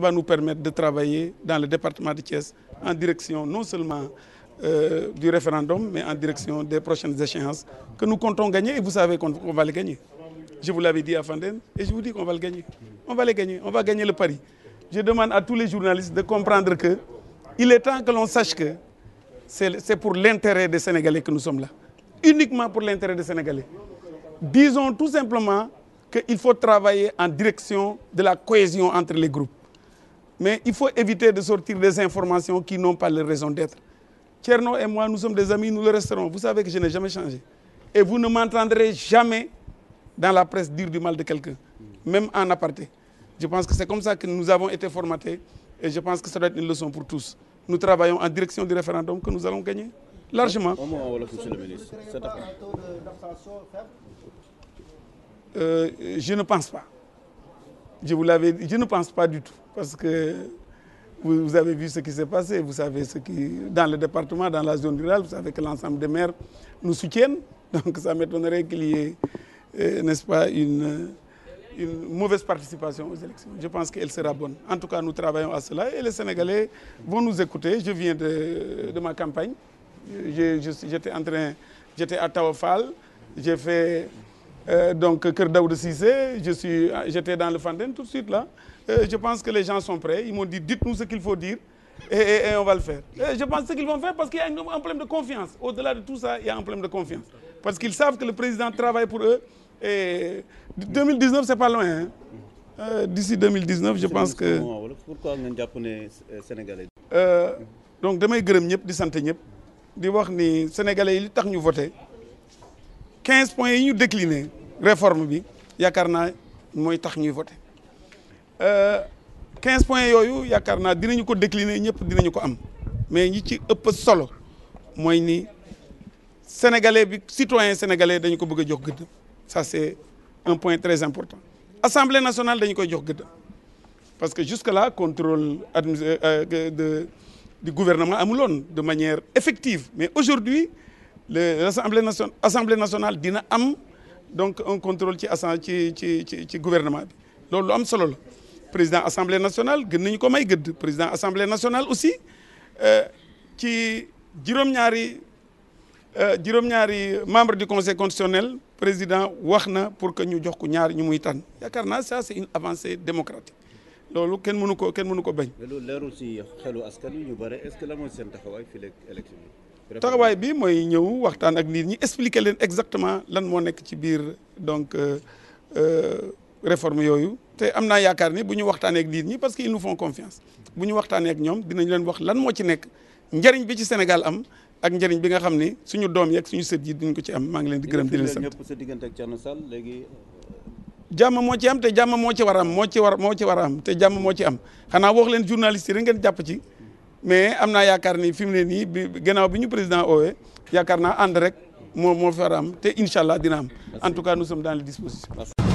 va nous permettre de travailler dans le département de Thiès en direction non seulement euh, du référendum, mais en direction des prochaines échéances que nous comptons gagner et vous savez qu'on va les gagner. Je vous l'avais dit à Fanden et je vous dis qu'on va le gagner. On va les gagner, on va gagner le pari. Je demande à tous les journalistes de comprendre que il est temps que l'on sache que c'est pour l'intérêt des Sénégalais que nous sommes là. Uniquement pour l'intérêt des Sénégalais. Disons tout simplement qu'il faut travailler en direction de la cohésion entre les groupes. Mais il faut éviter de sortir des informations qui n'ont pas leur raison d'être. Tcherno et moi, nous sommes des amis, nous le resterons. Vous savez que je n'ai jamais changé. Et vous ne m'entendrez jamais dans la presse dire du mal de quelqu'un, même en aparté. Je pense que c'est comme ça que nous avons été formatés et je pense que ça doit être une leçon pour tous. Nous travaillons en direction du référendum que nous allons gagner largement. Euh, je ne pense pas. Je vous je ne pense pas du tout, parce que vous, avez vu ce qui s'est passé, vous savez ce qui... Dans le département, dans la zone rurale, vous savez que l'ensemble des maires nous soutiennent, donc ça m'étonnerait qu'il y ait, euh, n'est-ce pas, une, mauvaise participation aux élections. Je pense qu'elle sera bonne. En tout cas, nous travaillons à cela et les Sénégalais vont nous écouter. Je viens de, de ma campagne. J'étais en train, j'étais à Taofal, j'ai fait euh, donc, Kër Daoud Cissé, j'étais dans le Fanden tout de suite là. Euh, je pense que les gens sont prêts. Ils m'ont dit, dites-nous ce qu'il faut dire et, on va le faire. Euh, je pense qu'ils vont faire parce qu'il y a un problème de confiance. Au-delà de tout ça, il y a un problème de confiance. Parce qu'ils savent que le président travaille pour eux. Et 2019, c'est pas loin. Hein. D'ici 2019, je pense que... Pourquoi un japonais sénégalais Donc, demain, je vais vous di sénégalais yi li voté 15 points ils ont décliné réforme bi yakarna moy tax ñuy euh 15 points yoyu yakarna a dinañu ko décliner ñëpp dinañu ko am mais ñi ci ëpp solo moy ni sénégalais bi citoyen sénégalais dañu ko bëgg jox ça c'est un point très important assemblée nationale dañ koy jox parce que jusque là contrôle euh, euh, de du gouvernement fait de manière effective mais aujourd'hui l'assemblée nationale assemblée nationale dina am donc un contrôle ci assemblée ci ci ci gouvernement bi loolu am solo la président assemblée nationale gën nañu ko may gëdd président assemblée nationale aussi euh ci juróom-ñaari euh juróom-ñaari membre du conseil constitutionnel président waxna pour que ñu jox ko ñaar ñu muy tan yakarna ça c'est une avancée démocratique loolu kenn mënu ko kenn mënu ko bañ. mais loolu leerul ci xelu askan ñu bari est-ce que la mooy sen taxaway fi léegi élection taxawaay bi moy ñëw waxtaan ak nit ñi expliquer leen exactement lan mo nekk ci biir donc euh, euh réforme yoyu té amna yaakar ni buñu ñu ak nit ñi parce qu'ils nous font confiance buñu ñu ak ñom dinañ leen wax lan mo ci nekk njariñ bi ci Sénégal am ak njariñ bi nga xamni suñu doom yeeg suñu sët yi duñ ko ci am ma ngi leen di gërëm di leen sant ñëpp sa diggante ak Thierno Sall léegi euh, jàmm moo ci am té jàmm mo ci waram mo ci war mo ci waram té am mo ci am xana wax leen journaliste yi rek ngeen japp ci mais am naa yaakaar ni fi mu ne nii bi gannaaw ñu président oowee yaakaar naa ànd rek moo moo far am te incha allah dina en tout cas nous sommes dans les dispositions